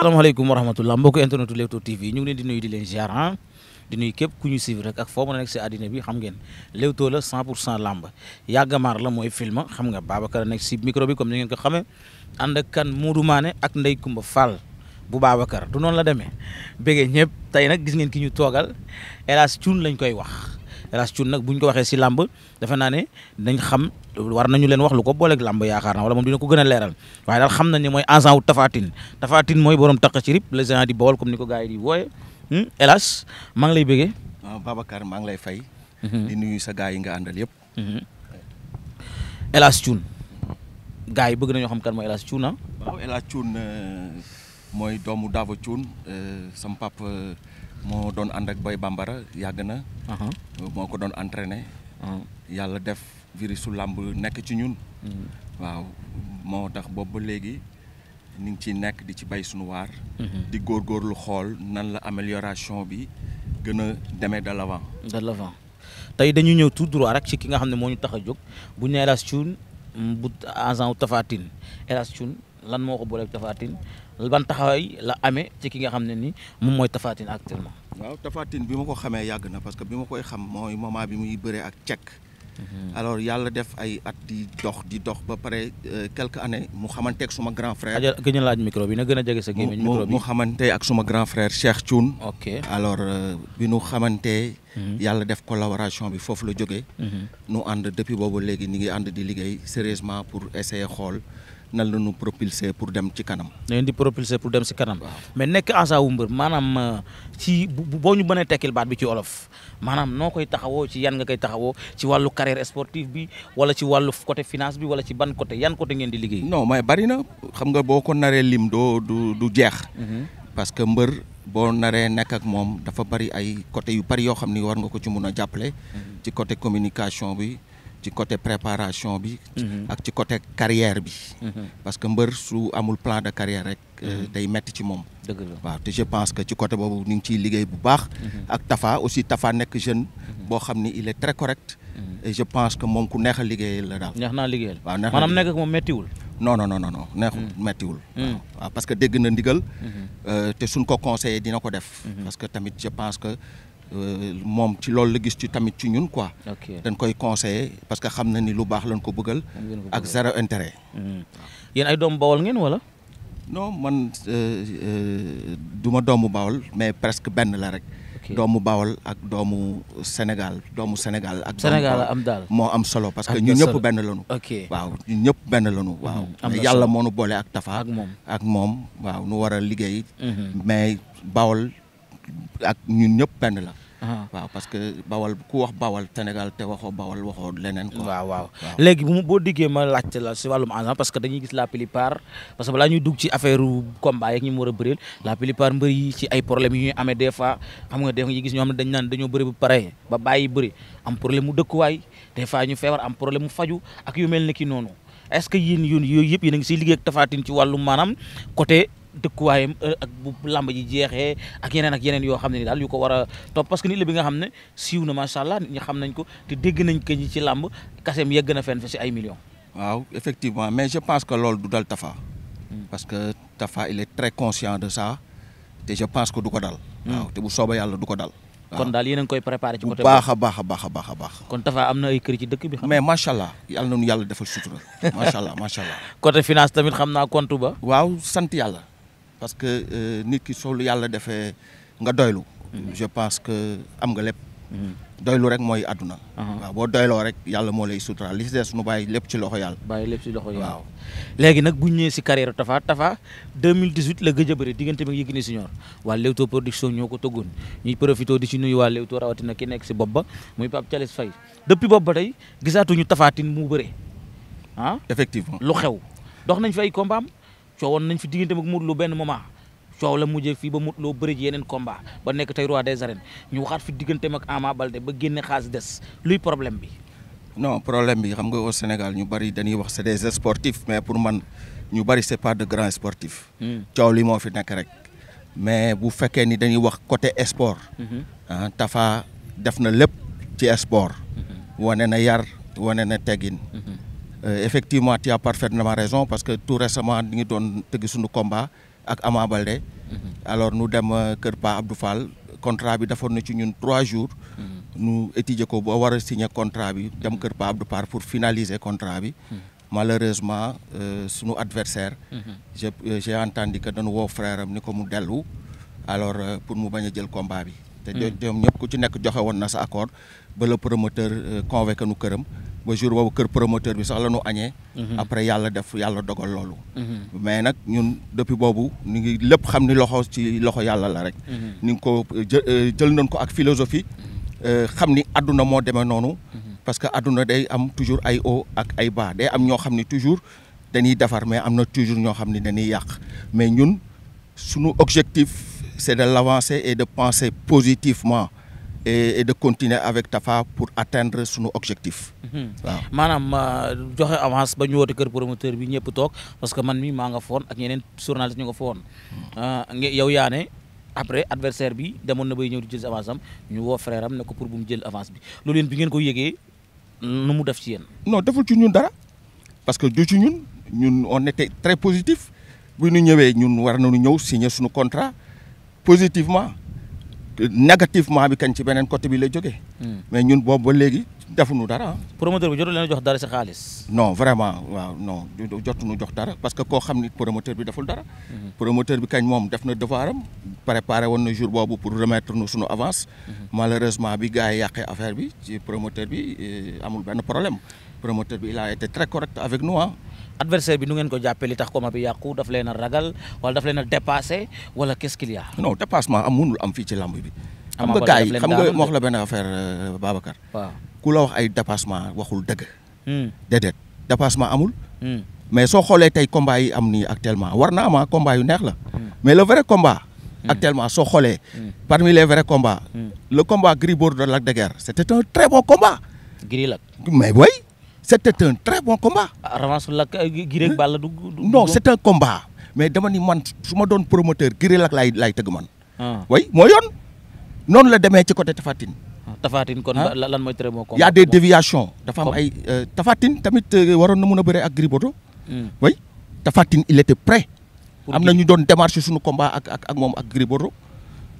asalaamaaleykum wa rahmatullah mbokk internetu Leewtoo TV ñu ngi leen di nuyu di leen ziar ah di nuyu képp ku ñu suivre rek ak foo mën nekk si àddina bi xam ngeen Leewtoo la 100 pour cent lamb yàggamaar la mooy film xam nga Babacar nekk si micro bi comme ni ngeen ko xamee ànd ak kan Modou ak Ndeye Coumba Fall bu Babacar du noonu la demee bëggee ñëpp tey nag gis ngeen ki ñu toogal hélas Thioune lañ koy wax. El Hadj Thioune nag bu ñu ko waxee si làmb defe naa ne dañ xam war ñu leen wax lu ko booleeg làmb yaakaar na wala moom dina ko gën a leeral waaye daal xam nañ ne mooy agent wu Tafatine Tafatine mooy borom taq ci rib le géant di Bawol comme ni ko gars di wooye El Hadj hmm, maa ngi lay bëggee. waaw Babacar maa ngi lay fay. Mhm. di nuyu sa gars yi nga àndal yëpp. El mhm. Hadj Thioune gars yi bëgg nañoo xam kan mooy El Hadj Thioune ah. waaw El euh, mooy doomu Dava Thioune euh, sam moo doon ànd ak Boy Bambara yàgg na. moo ko doon entraîné. Ah. yàlla def virusu làmb nekk ci ñun. Mm. waaw moo tax boobu ba léegi ñu ngi ciy nekk di ci bay sunu waar. Mm-hmm. di góor góor lu xool nan la amélioration bi gën a demee de l'avant. de l'avant tey dañu ñëw tout droit rek ci ki nga xam ne moo ñu tax a jóg bu ñu nee Elas Thioune bu agent wu Tapha Tine Elas lan moo ko booleeg Tapha Tine ban taxawaay la amee ci ki nga xam ne ni moom mooy Tapha Tine waaw Tapha bi ma ko xamee yàgg na parce que bi ma koy xam mooy moment bi muy bëree ak cek. Mhm. alors yàlla def ay at di dox di dox ba pare euh, quelques années mu xamante suma grand frère. ajal laaj micro bi na gën a jege sa gémmiñ micro mu xamante ak suma grand frère Cheikh Thioune. ok alors euh, bi nu xamante. Mhm. yàlla def collaboration bi foofu la jógee. Mhm. nu ànd depuis boobu léegi ñu ngi ànd di liggéey sérieusement pour xool. nan la ñu propulser pour dem ci kanam. na leen di propulser pour dem si kanam. mais nekk agent wu mbër maanaam euh, ci boo ñu banee tekkil baat bi ci olof maanaam noo koy taxawoo ci yan nga koy taxawoo ci wàllu carrière sportive bi wala ci wàllu côté finance bi wala ci ban côté yan côté ngeen di liggéey. non mais bari na xam nga boo ko naree lim doo du du jeex. Mhm. parce que mbër boo naree nekk ak moom dafa bari ay côté yu bari yoo xam ni war nga ko ci mun a jàppale. Mhm. ci côté communication bi. ci côté préparation bi. Mhm. ak ci côté carrière bi. Mhm. parce que mbër su amul plan de carrière rek. Euh, mhm. day metti ci moom. dëgg la te je pense que ci côté boobu ñu ngi ciy liggéey bu baax. ak Tafa aussi Tafa nekk jeune. boo xam ni il est très correct. et je pense que moom ku neex a liggéeyal la daal. neex naa liggéeyal waaw neex maanaam nekk ak moom méttiwul. non non non non neexul méttiwul. waaw parce que dégg na ndigal. Euh, te suñ ko conseillé dina ko def. parce que tamit je pense que. Euh, moom ci loolu la gis ci tamit ci ñun quoi. dañ koy conseiller parce que xam na ni lu baax lañ ko bëggal. ak zéro intérêt. Mm-hmm. yéen ay doomu bawol ngeen wala. non man euh, euh, duma ma doomu bawol mais presque benn la rek. doomu bawol ak doomu Sénégal doomu Sénégal ak. Sénégal am daal moo am solo parce que ñun ñëpp benn lañu. ok waaw ñun ñëpp benn lañu. Mm-hmm. waaw yàlla moo nu boole ak Tafa. ak moom ak moom waaw nu war liggéey. Mm-hmm. mais bawol. ak ñun ñëpp benn la. waaw parce que bawal ku wax bawal Sénégal te waxoo bawal waxoo leneen. quoi waaw waaw léegi boo diggee ma laajte la si wàllum agent parce que dañuy gis la plupart parce que balaa ñuy dugg ci affaire combat yeeg ñu mu war a bëreel la plupart mbër yi ci ñuy amee des fois xam nga def nga gis ñoo xam ne dañ naan dañoo bëri ba pare ba bàyyi bëri am problème mu dëkkuwaay des ñu feebar am problème mu faju ak yu mel ne ki noonu est-ce que yéen yooyu yëpp yéen a ngi siy liggéey ak Tapha ci wàllum maanaam côté. dëkkuwaayam euh, ak bu làmb ji jeexee ak yeneen ak yeneen yoo xam ne ni daal yu ko war a topp parce que nit la bi nga xam ne siiw na macha allah nit ñi xam nañ ko te dégg nañ ko ñi ci làmb kaseem yegg na fenn fa si ay million waaw effectivement mais je pense que loolu du dal Tafa. Hmm. parce que Tafa il est très conscient de ça te je pense que du ko dal. Hmm. te bu soobee yàlla du ko dal. kon daal yéen a koy préparé ci côté baax baax a baax baax a baax kon Tafa am na ay kër ci dëkk mais macha allah yàlla nañu yàlla defal sutura macha allah macha allah finance tamit xam naa compte ba waaw sant yàlla parce que euh, nit ki solu yàlla defee nga doylu mm-hmm. je pense que am nga lépp mm-hmm. doylu rek mooy àdduna uh-huh. waaw boo doyloo rek yàlla moo lay sutural li si nu bàyyi lépp ci loxo yàlla bàyyi lépp ci loxo yàlla waaw léegi nag bu ñu ñëwee si carrière Tapha Tapha 2018 la gëj a bëri diggante bi si Senior waa Leewtoo production ñoo ko tëggoon ñuy profité di si nuyu waa Leewtoo rawatina ki nekk si bopp ba muy Pape Thialis Faye depuis bopp ba tey gisaatuñu Tapha Tine mu bëre ah effectivement lu xew dox nañ fi ay coowoon nañ fi diggante ak Modou lu benn moment coow la mujjee fii ba Modou Lo bëri ji yeneen combat ba nekk tey roi des arènes ñu waxaat fi digganteem ak Ama Balde ba génne xaalis des luy problème bi. non problème bi xam nga au Sénégal ñu bari dañuy wax c'est des sportifs mais pour man ñu bari c'est pas de grands sportifs. Hmm. coow li moo fi nekk rek. mais bu fekkee ni dañuy wax côté sport. Hmm. ah Tafa def na lépp ci sport. Hmm. wane na yar wane na teggin. Euh, effectivement tu as parfaitement raison parce que tout récemment ñu ngi doon tëgg suñu combat ak Ama Baldé mm-hmm. alors nu dem euh, Kër Pa Abdou Fall contrat bi defoon na ci ñun trois jours mm-hmm. nu étudier ko ba war a signer contrat bi dem Kër Pa Abdou Fall pour finaliser contrat bi mm-hmm. malheureusement euh, suñu adversaire j'ai entendi entendu que dañu woo ni ko mu dellu alors pour mu bañ a jël combat bi te ñoom ñëpp ku ci nekk joxe woon na sa accord ba le promoteur convoqué nu këram ba jour boobu kër promoteur bi sax la ñu añee. Mhm. après yàlla def yàlla dogal loolu. Mhm. mais nag ñun depuis boobu ñu ngi lépp xam ni loxo ci loxo yàlla la rek. Mhm. ni nga ko euh, euh, jël nañ ko ak philosophie. Euh, xam ni àdduna moo demee noonu. parce que àdduna day am toujours ay haut ak ay bas day am ñoo xam ni toujours dañuy defar mais am na toujours ñoo xam ni dañuy yàq mais ñun sunu objectif c'est de l'avancer et de penser positivement. et de continuer avec Tafa pour atteindre sunu objectif. Mhm. waaw maanaam euh, joxe avance ba ñu woote kër promoteur bi ñëpp toog parce que man mi maa nga foon ak ñeneen journaliste ñu nga foon. Hmm. Euh, yow yaa ne après adversaire bi demoon na bay ñëw di jël avance am ñu woo frère am ne ko pour bu mu jël avance bi loolu yéen bi ngeen ko yëgee nu mu def ci yéen. non deful ci ñun dara parce que ju ci ñun on était très positif bu ñu ñëwee ñun war nañu ñëw signer sunu contrat positivement. négativement bi kañ ci beneen côté bi la jógee. Hmm. mais ñun boobu ba léegi defuñu dara. promoteur bi jotul leen jox dara si xaalis. non vraiment waaw non jotuñu jox dara parce que koo xam ni promoteur bi deful dara. Hmm. promoteur bi kañ moom def na devoir am préparé woon na jour boobu pour remettre nu suñu avance. Hmm. malheureusement bi gars yi yàqee affaire bi ci promoteur bi eh, amul benn problème promoteur bi il a été très correct avec nous adversaire bi nu ngeen ko jàppee li tax combat bi yàqu daf leen a ragal wala daf leen a dépassé wala qu'est-ce qu'il y a. dépassement am am fii ci lamb bi. am nga gars yi xam nga ma wax la benn affaire euh, Babacar. waaw ku la wax ay dépassement waxul dëgg. Hmm. déedéet dépassement amul. Hmm. mais soo xoolee tey combat yi am nii actuellement war na ama ah, combat yu neex la. Hmm. mais le vrai combat. actuellement soo xoolee. parmi les vrais combats. le combat Gris Bordeaux Lac de Guiers c'était un très bon combat. Gris Lac mais c'était un très bon combat. ah revanche la euh, Girek Balla du. non c'est un combat mais dama ni man suma doon promoteur Girek ak laay laay tëgg man. way ah. mooy yoon noonu la demee ci côté Tafatine. Ah, Tafatine kon ah. lan mooy très bon combat. y a des déviations dafa am ay euh, Tafatine tamit euh, waroon na mun a bëre ak Gris Bordeaux. way hmm. Tafatine il était prêt. am na ñu doon démarché suñu combat ak ak ak moom ak Gris Bordeaux.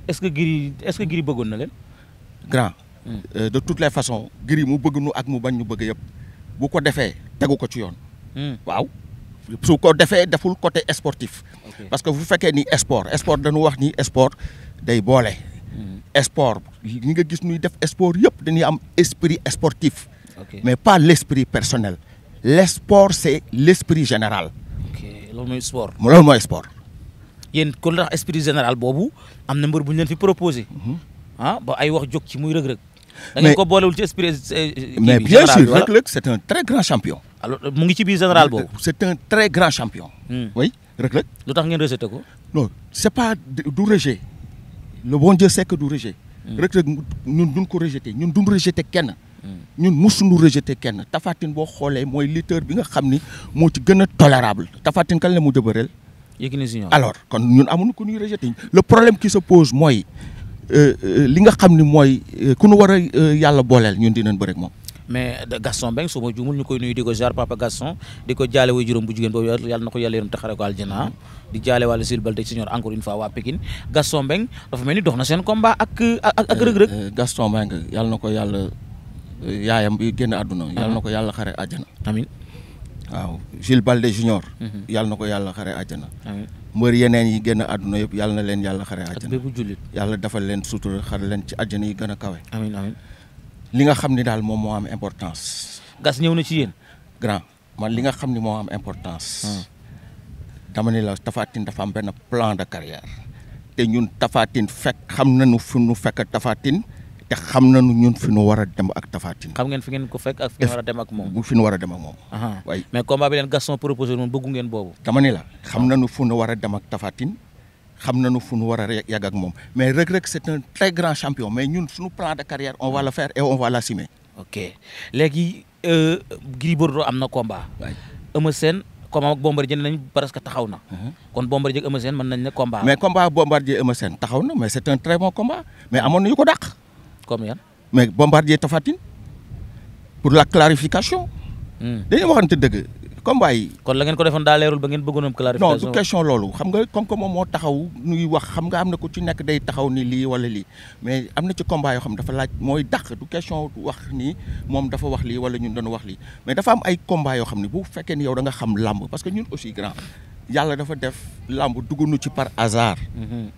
est-ce que Gris est-ce que bëggoon na leen. grand. Hmm. de toutes les façons Gris mu bëgg nu ak mu bañ ñu bëgg yëpp. bu ko defee tegu ko ci yoon. Hmm. waaw su ko defee deful côté sportif. parce que bu fekkee ni sport sport dañu wax nii sport day boole. Hmm. sport ñi nga gis nuy def sport yëpp dañuy am esprit sportif. mais pas l' esprit personnel. le sport est l' esprit général. ok loolu mooy sport. loolu kon ndax esprit général boobu am na mbër bu ñu leen fi proposé. Mhm. ah ba ay wax jog ci muy rëg-rëg. Eh, eh, mais bien sûr Reug Reug c' est un très grand champion. alors mu ngi ci biir général boobu. c' est un très grand champion. Hmm. oui Reug Reug. lu tax ngeen rejeté ko. non c' est pas du rejet le bon Dieu sait que du rejet. Hmm. Reug Reug ñun duñ ko rejeté ñun duñ rejeté kenn. Hmm. ñun musuñu rejeté kenn Tafatine boo xoolee mooy lutteur bi nga xam ni moo ci gën a tolérable Tafatine kan la mu dëbëreel. alors kon ñun amuñu ko ñuy rejeté le problème qui se pose mooy. Euh, euh, li nga xam ni mooy euh, ku nu war a yàlla booleel ñun dinañ bëri ak moom. mais Gaston Mbengue su ma juumul ñu koy nuyu di ko jaar papa Gaston di ko jaale way juróom bu jigéen boobu yàlla na ko yàlla yërëm taxare ko aljana di jaale wàllu sil Baldé senior encore une fois waa Pikine Gaston Mbengue dafa mel ni dox na seen combat ak ak ak rëg-rëg Gaston Mbengue yàlla na ko yàlla yaayam bi génn àdduna yàlla uh-huh. na ko yàlla xare àjjana amiin waaw Gilles Baldé junior uh-huh. yàlla na ko yàlla xare àjjana mbër yeneen yi gën génn àdduna yëpp yàlla leen yàlla xare àjjana ak bépp jullit yàlla defal leen sutura xar leen ci àjjana yi gën a kawe li nga xam ni daal moom moo am importance gas ñëw na ci yéen grand man li nga xam ni moo am importance hmm. dama ni la Tapha dafa am benn plan de carrière te ñun Tapha Tine fekk xam nañu fu ñu fekk Tapha te xam nañu ñun fi ñu war a dem ak Tapha xam ngeen fi ngeen ko a dem ak moom. ñu war a dem ak moom. waaye mais combat bi leen Gaston proposé moom ngeen boobu. dama xam nañu fu ñu war a dem ak Tapha xam nañu fu ñu war a yàgg moom mais Reug Reug c'est un très grand champion mais ñun suñu plan de carrière on va le faire et on va l'assumer. ok léegi euh, Gris am na combat. waay Eumeu Sène combat ak Bombardier taxaw na. Mhm. kon Bombardier mais na mais c'est un très bon combat mais amoon na yu ko comme yan. mais bombardier Tapha Tine pour la clarification. Hmm. dañuy waxante dëgg combat yi. kon la ngeen ko defoon daa leerul ba ngeen bëggoon am clarification. non du question loolu xam nga comme que moom moo taxaw nuy wax xam nga am na ku ci nekk day taxaw ni lii wala lii mais am na ci combat yoo xam dafa laaj mooy dàq du question wax ni moom dafa wax lii wala ñun dañu wax lii mais dafa am ay combat yoo xam ne bu fekkee ni yow da nga xam làmb parce que ñun aussi grand yàlla dafa def làmb duggunu ci par hasard. Mm-hmm.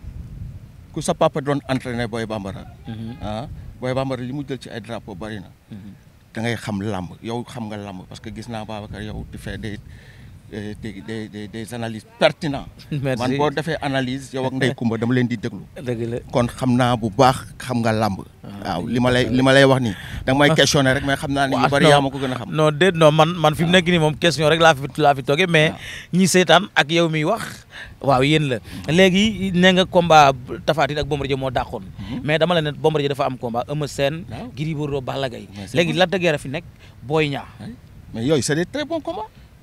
ku sa papa doon entraîné booy bambara. Mm-hmm. ah. booy bambara li mu jël ci ay drapeau bari na mm-hmm. da ngay xam làmb yow xam nga làmb parce que gis naa Babacar yow di fee day Euh, des des des des analyses pertinentes. man boo defee analyse yow ak Ndeye Kumba dama leen di déglu. kon xam naa bu baax xam nga làmb. Ah, waaw li ma lay li ma lay wax nii. da nga may ah. questionné rek mais xam naa ni ñu bari yaa ma a xam. non déet non man man fi mu ah. nekk nii moom question rek laa fi laa mais. ñi seetaan ak yow mi wax. waaw yéen la léegi nee nga combat Tapha Tine ak Bombardier moo xoon mm-hmm. mais dama la ne Bombardier dafa am combat Eumeu Sène. waaw Gris Bordeaux Balla Gaye. léegi Lac de fi nekk Boy Niang. mais yooyu c'est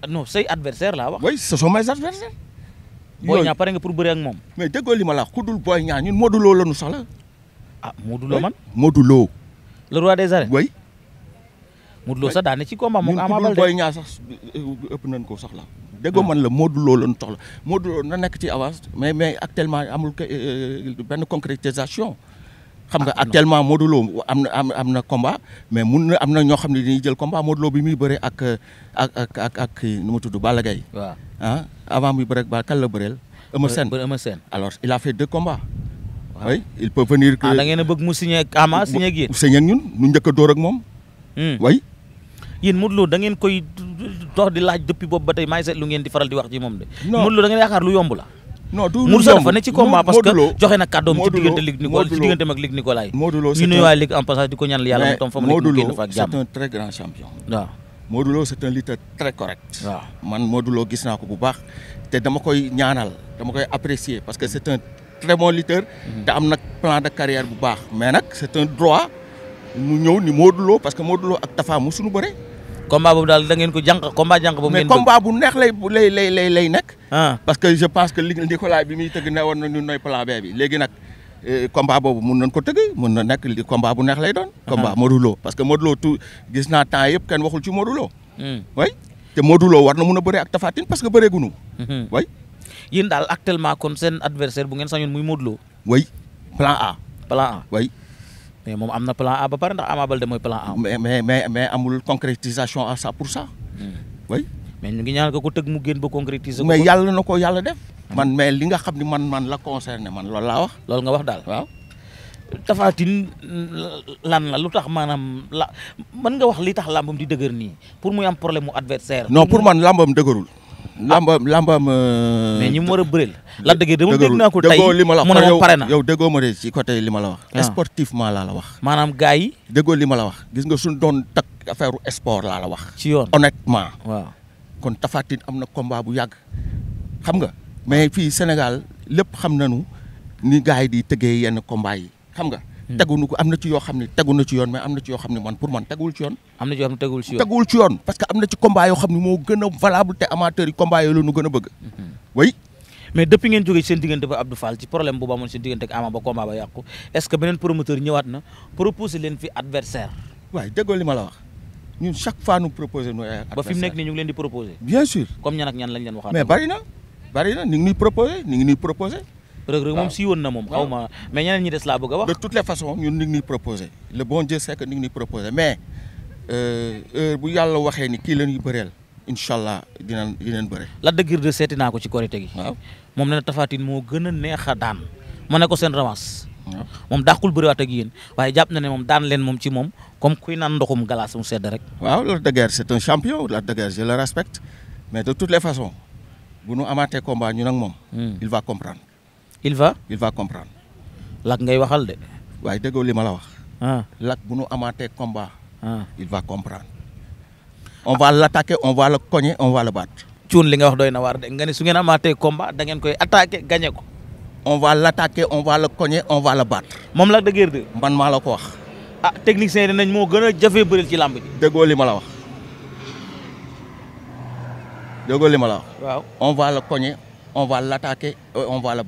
non say adversaire laa wax. oui ce sont mes adversaires. yooyu Boy Niang pare nga pour bëre ak moom. mais déggoo li ma la ku dul Boy Niang ñun Modou la ñu soxla. ah Modou Lo man Modou Lo. le roi des arènes. oui. Modou Lo sax daan na ci combat moom Ama Baldé ñun ku sax euh, ëpp nañ ko soxla. déggoo ah. man la Modou Lo la ñu soxla na nekk ci avance mais mais actuellement amul euh, benn concrétisation. xam nga ah, ah, actuellement Modou Lo am na am am na combat mais mun na am na ñoo xam ne dañuy jël combat Modou bi muy bëre ak ak ak ak ak nu mu tudd Balla Gaye. waaw ah avant muy bëre ba kan la bëreel. Eumeu Sène Eumeu Sène alors il a fait deux combats. oui il peut venir que ah, da ngeen a bëgg mu signé ak Ama signé ak ñun ñu njëkk a dóor moom. way hmm. yéen Modou Lo koy dox di laaj depuis boobu ba tey maa ngi lu ngeen di faral di wax moom de. non Modou Lo yaakaar lu yomb la. non du Moussa dafa ne ci combat parce que joxe na kàddoom ci diggante Ligue Nicolas ci digganteem ak Ligue Nicolas yi. Lo ñu nuyuwaay Ligue en passage di ko ñaanal yàlla mu tam fa mu nekk génn fa ak jàmm. Modou c'est un très grand correct. waaw man Modou gis naa ko bu baax te dama koy ñaanal dama koy apprécier parce que c'est un très bon lutteur. Mhm. am na plan de carrière bu baax mais nag c'est un droit mu ñëw ni Modou parce que Modou ak ak Tafa mosuñu bëre. combat boobu daal da ngeen ko jànq combat jànq boobu. ngeen mais combat bu neex lay lay lay nekk. Ah. parce que je pense que li Nicolas bi muy tëgg ne woon na ñun nooy plan B bi léegi nag. Euh, combat boobu mun nañ ko tëgg mun na nekk li combat bu neex lay doon. Ah. combat Modou Lo parce que Modou tu tout gis naa temps yëpp ken waxul ci Modou Lo. way hmm. te Modou war na mun a bëree ak Tapha Tine parce que bëree gunu. way hmm. yéen daal actuellement kon seen adversaire bu ngeen sañoon muy Modou Lo. way plan A. plan A way mais moom am na plan A ba pare ndax Ama Baldé mooy plan A. mais mais mais amul concrétisation à ça pour ça. Hmm. oui. mais ñu ngi ñaan ko ku tëgg mu génn ba concrétiser. mais yàlla na ko yàlla def. Hmm. man mais li nga xam ni man man la concerné man loolu laa wax. loolu nga wax daal waaw. Tapha Tine lan la lu tax maanaam la mën nga wax li tax làmbam di dëgër nii pour muy am problème mu adversaire no pour man làmbam dëgërul. làmbaam làmbaam. Euh, mais ñi mu war a bëri la de Guiers dama dégg naa ko tey li ma la wax yow yow déggoo ma de ci côté li ma la wax. Ah. sportivement laa la wax. maanaam gars yi. déggoo li ma la wax gis nga suñ doon takk affaire sport laa la wax. ci yoon honnêtement. waaw kon Tapha am na combat bu yàgg. xam nga mais fii Sénégal lépp xam nañu ni gars yi di tëggee yenn combat yi xam nga. Hmm. teguñu ko am na ci yoon mais am na ci yoo xam ne man pour man teguwul ci yoon. am na ci yoo xam ne teguwul ci yoon teguwul ci yoon. parce que am na ci combat xam ne moo gën a valable te amateurs yi combat yooyu la gën a bëgg. way hmm. mais depuis ngeen jógee seen diggante ba Abdou Fall ci problème boobu amoon seen diggante ak Ama ba combat ba yàqu est ce que beneen promoteur ñëwaat na proposé leen fi adversaire waaye déggoo li la wax ñun chaque fois nu proposé nekk nii ñu ngi leen di proposé. bien sûr comme Reug Reug moom siiwoon na moom xaw ma ñeneen ñi des laa bëgg a wax de toutes les façons ñun ñu ngi ñuy proposé le bon Dieu sait que ñu proposé mais euh, bu yàlla waxee ni kii la ñuy bëreel incha allah dinañ dinañ bëre la dëggir de seeti naa ko ci korité gi moom ne na tafaatin moo gën a neex a daan ma ne ko seen revanche moom dàqul bëriwaat gi yen waaye jàpp na ne moom daan leen moom ci moom comme kuy naan ndoxum glace mu sedd rek waaw Lac de Guiers c'est un champion Lac de Guiers nu amaatee combat ñu nag moom hmm. il va il va il va comprendre. Lac ngay waxal de. waaye déggoo li ma la wax. Ah. Lac bu nu amaatee combat. Ah. il va comprendre. on va l'attaquer on va le cogner on va le battre. cuun li nga wax doy na waar de nga ne su ngeen amaatee combat da ngeen koy attaquer gagner ko. on va l'attaquer on va le on va le moom Lac de man maa la ko wax. ah technicien yi nañ moo gën a jafe bëril ci làmb li ma la wax déggoo li ma la wax. waaw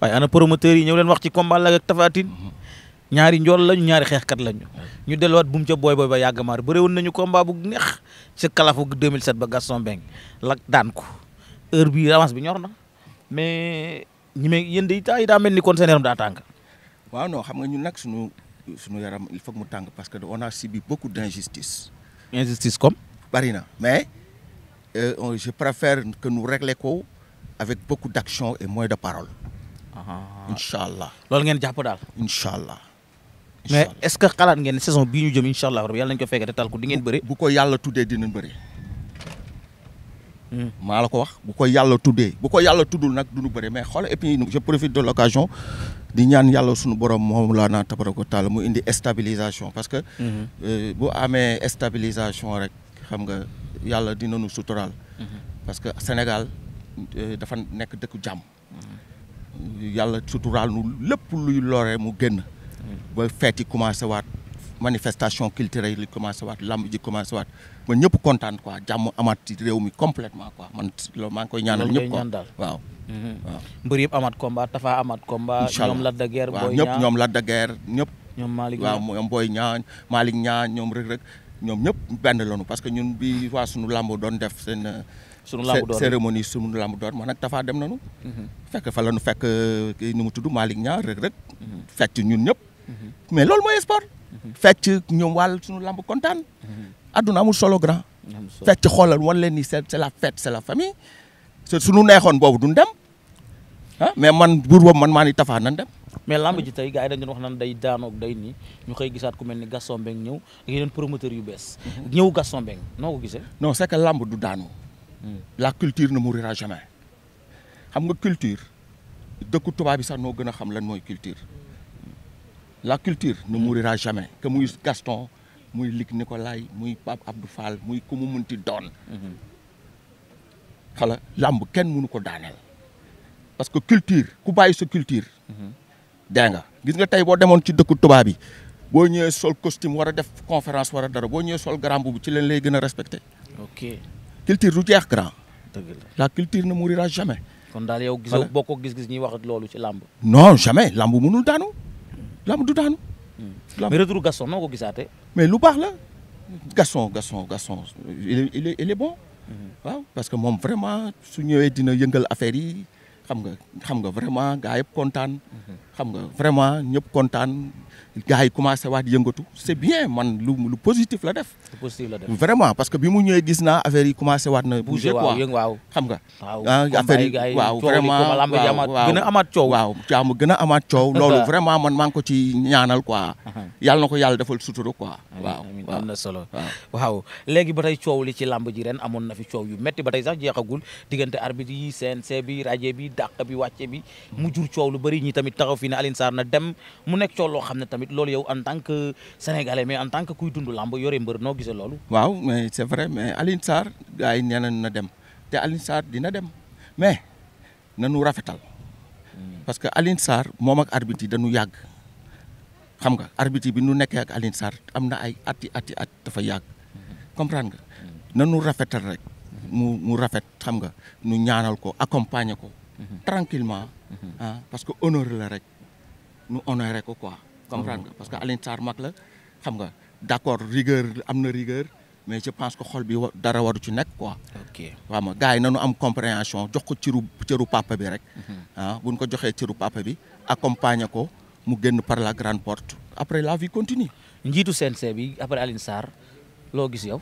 waaye ana promoteur yi ñëw leen wax ci combat la ak Tapha Tine mhm. ñaari njool lañu ñaari xeexkat lañu. ñu delluwaat buum ca booy booy ba yàgg maar bëriwoon nañu combat bu neex ci kalafu 2007 ba Gaston Mbengue lak daan ko heure bii avance bi ñor na mais ñi may yéen day taa yi daa mel ni kon seen yaram daa tàng. waaw non xam nga ñun nag suñu suñu yaram il faut mu tàng parce que on a subi beaucoup d'injustice. injustice comme. bari na mais euh, je préfère que nous régler ko avec beaucoup d'action et moins de parole. incha allah loolu ngeen jàpp daal incha allah mais est ce que xalaat ngeen ne saison bi ñu jëm incha allah rabi yàlla nañu ko fekk te tal ko di ngeen bëri bu ko yàlla tuddee dinañ bëri hmm. maa la ko wax bu ko yàlla tuddee bu ko yàlla tuddul nag duñu bëri mais xool et puis je profite de l'occasion di ñaan yàlla suñu borom moom laa naa tabaraka taala mu indi stabilisation parce que hmm. euh, boo amee stabilisation rek xam nga yàlla dinañu suturaal hmm. parce que Sénégal euh, dafa nekk dëkku jàmm yàlla suturaal nu lépp luy loore mu génn ba feet yi commencé waat manifestation culturelle yi commencé waat lamb ji commencé waat ba ñëpp kontaan quoi jàmm amaat ci réew mi complètement quoi man loolu maa ngi koy ñaan ñëpp quoi waaw mhm. waaw mbër yëpp amaat combat Tafa amaat combat ñoom Lac de Guiers waaw ñëpp ñoom Lac de Guiers ñëpp ñoom Malick waaw ñoom Boy Niang ñoom rek rek ñoom ñëpp benn lañu parce que ñun bi waa sunu lamb doon def seen sunu lamb door cérémonie sunu lamb door ma nag Tafa dem nañu. Mhm. fekk fa la nu fekk nu mu tudd Malick Niang Reug Reug mhm. fecc ñun ñëpp. Mhm. mais loolu mooy sport. fecc ñoom wàll sunu lamb kontaan. adduna amul solo grand. fecc xoolal wan leen ni c'est c'est la fête c'est la famille. c'est sunu neexoon boobu duñ dem. ah mais man buur boobu man maa ni Tafa nan dem. mais lamb ji tey gars yi dañ doon wax naan day daanoog day nii ñu xëy gisaat ku mel ni Gaston Mbengue ñëw ak yeneen promoteurs yu bees. ñëw Gaston Mbengue noo ko gisee. noo c'est que du daanu. la culture ne mourira jamais xam nga culture dëkku tubaab bi sax noo gën a xam lan mooy culture la culture ne mourira jamais que muy Gaston muy Luc Nicolaï muy Pape Abdou Fall muy ku mu munti doon xala làmb kenn munu ko daaneel parce que culture ku bàyyi sa culture dégg nga gis nga tey boo demoon ci dëkku tubaab yi boo ñëwee sol costume war a def conférence war a dara boo ñëwee sol garambu bu ci leen lay gën a respecté ok culture du jeex grand. la culture ne mourira jamais. kon daal yow gisoo bokkoo gis-gis ñuy wax loolu ci làmb. non jamais làmb mënul daanu làmb du daanu. Hmm. làmb mais retour Gaston noo ko gisaatee. mais lu baax la Gaston Gaston Gaston il est il est bon. Hmm. parce que moom vraiment su ñëwee dina yëngal affaire yi. xam nga xam nga vraiment gaa yëpp kontaan. xam nga vraiment ñëpp kontaan gaa yi commencé waat yëngatu c'est bien man lu lu positif la def. positif la def vraiment parce que bi mu ñëwee gis naa affaire yi commencé waat na. bouger quoi xam nga. Ah, affaire yi waaw vraiment waaw gën a amaat coow. waaw jaamu a amaat loolu vraiment man maa ngi ko ci ñaanal quoi. yàlla na ko yàlla defal suturu quoi. waaw am na solo waaw. léegi ba tey coow li ci làmb ji ren amoon na fi coow yu métti ba tey sax jeexagul diggante arbitre yi CNC bi rajo bi. dàq bi wàccee bi mu jur coow lu bëri ñi tamit taxaw fii na Alioune Sarr na dem mu nekk coow loo xam ne tamit loolu yow en tant que sénégalais mais en tant que kuy dund làmb yore mbër noo gisee loolu waaw mais c'est vrai mais Alioune Sarr gars yi nee na dem te Alioune Sarr dina dem mais na nanu rafetal hmm. parce que Alioune Sarr moom ak arbitre yi dañu yàgg xam nga arbitre bi nu nekkee ak Alioune Sarr am na ay ati ati at dafa yàgg hmm. comprendre nga na hmm. nanu rafetal rek mu mu rafet xam nga nu ñaanal ko accompagner ko Mhm. tranquillement ah parce que honneur la rek nu honoré ko quoi oh. parce que Alioune Sarr mag la xam nga d'accord rigueur am na rigueur mais je pense que xol bi dara waru ci nekk quoi. ok waaw ma gars yi nañu am compréhension jox ko cëru cëru papa bi rek. ah bu ñu ko joxee cëru papa bi accompagner ko mu génn par la grande porte après la vie continue. njiitu CNC bi après Alioune Sarr loo gis yow.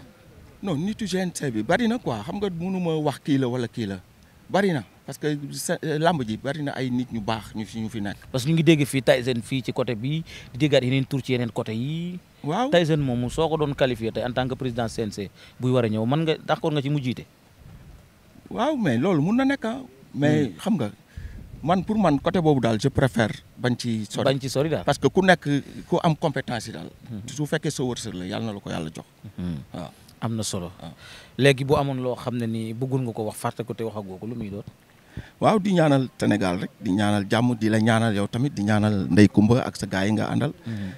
non nitu CNC bi bari na quoi xam nga mënu ma wax kii la wala kii la bari na. parce que euh, làmb ji bari na ay nit ñu baax ñu fi ñu fi nekk. parce que ñu ngi dégg fii Tyson fii ci côté bi di déggaat yeneen tur ci yeneen côté yi. waaw Tyson moomu soo ko doon qualifié tey en tant que président CNG buy war a ñëw mën nga d'accord nga ci mu jiite. waaw mais loolu mun na nekk ah. mais hmm. xam nga man pour man côté boobu daal je préfère bañ ci sori. bañ ci sori daal parce que ku nekk ku am compétence yi daal. Hmm. su fekkee sa wërsëg la yàlla na la ko yàlla jox. Hmm. am na solo. Ah. léegi boo amoon loo xam ne nii bëggul nga ko wax fàtte ko te waxagoo ko lu muy doon. waaw di ñaanal Sénégal rek di ñaanal jàmm di la ñaanal yow tamit di ñaanal Ndey Kumba ak sa gars yi nga àndal. Mhm.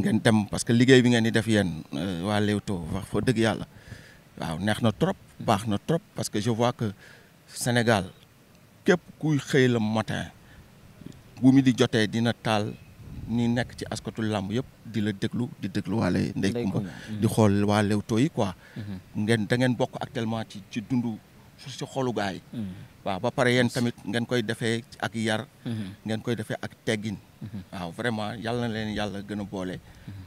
ngeen dem parce que liggéey bi ngeen di def yéen euh, waa Leewtoo wax dëgg yàlla waaw neex na trop baax na trop parce que je vois que Sénégal képp kuy xëy la matin bu mi di jotee dina taal ni nekk ci askatu làmb yëpp di la déglu di déglu waale Ndey Kumba mhm. di xool waa Leewtoo yi quoi. Mhm. ngeen da ngeen bokk actuellement ci ci dundu. si xolu gaay mm-hmm. waaw ba pare yéen tamit ngeen koy defee ak yar mm-hmm. ngeen koy defee ak teggin mm-hmm. waaw vraiment yàlla na leen yàlla gën a boole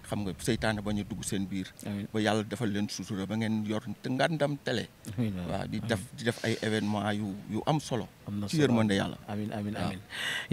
xam nga seytaane ba ñu dugg seen biir ba yàlla defal leen sutura ba ngeen yor te ngàndam télé di def def ay événement yu yu am solo ci yërmande yàlla amin amin amin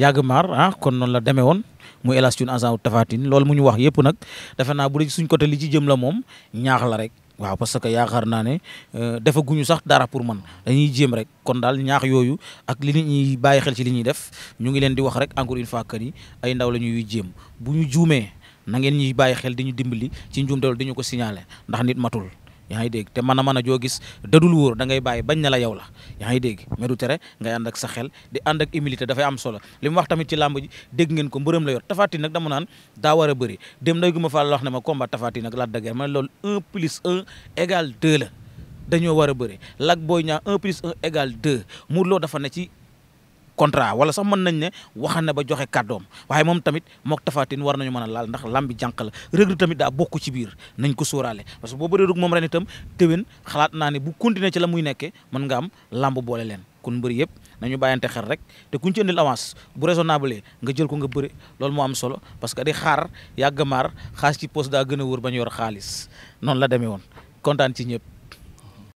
yàgg maar ah kon noonu la demee woon muy El Hadj Thioune agent loolu mu ñu wax yëpp nag defe naa bu dee suñ côté li ci jëm la moom ñaax la rek waaw parce que yaakaar naa ne euh, defaguñu sax dara pour man dañuy jéem rek kon daal ñaax yooyu ak li nit ñi bàyyi xel ci li ñuy def ñu ngi leen di wax rek encore une fois que ni ay ndaw la ñuy jéem bu ñu juumee na ngeen ñuy bàyyi xel di ñu dimbali ci njuum dellu ñu ko signaler ndax nit matul. yaa ngi dégg te mën a mën a joo gis dadul wóor da ngay bàyyi bañ na la yow la yaa ngi dégg mais du tere ngay ànd ak sa xel di ànd ak humilité dafay am solo li mu wax tamit ci làmb ji dégg ngeen ko mbërëm la yor tafaati nag dama naan daa war a bëri dem day gu fa faa la ne ma combat tafaati nag la dëgg ma loolu un plus un égal deux la dañoo war a bëri lak booy ñaa un plus un égal deux mu loo dafa ne ci contrat wala sax man nañ ne waxan na ba joxe kàddoom waaye moom tamit mook tafaatin war nañu mën a laal ndax lambi jànq la rëg tamit daa bokk ci biir nañ ko sóoraale parce que boo bëree rëg moom ren itam téwén xalaat naa ne bu continuer ci la muy nekkee mën nga am lamb boole leen kon mbëri yëpp nañu bàyyante xel rek te kuñ ci indil avance bu raisonnable nga jël ko nga bëri loolu moo am solo parce que di xaar yàgg maar xaas ci poste daa gën a wóor bañ yor xaalis noonu la demee woon kontaan ci ñëpp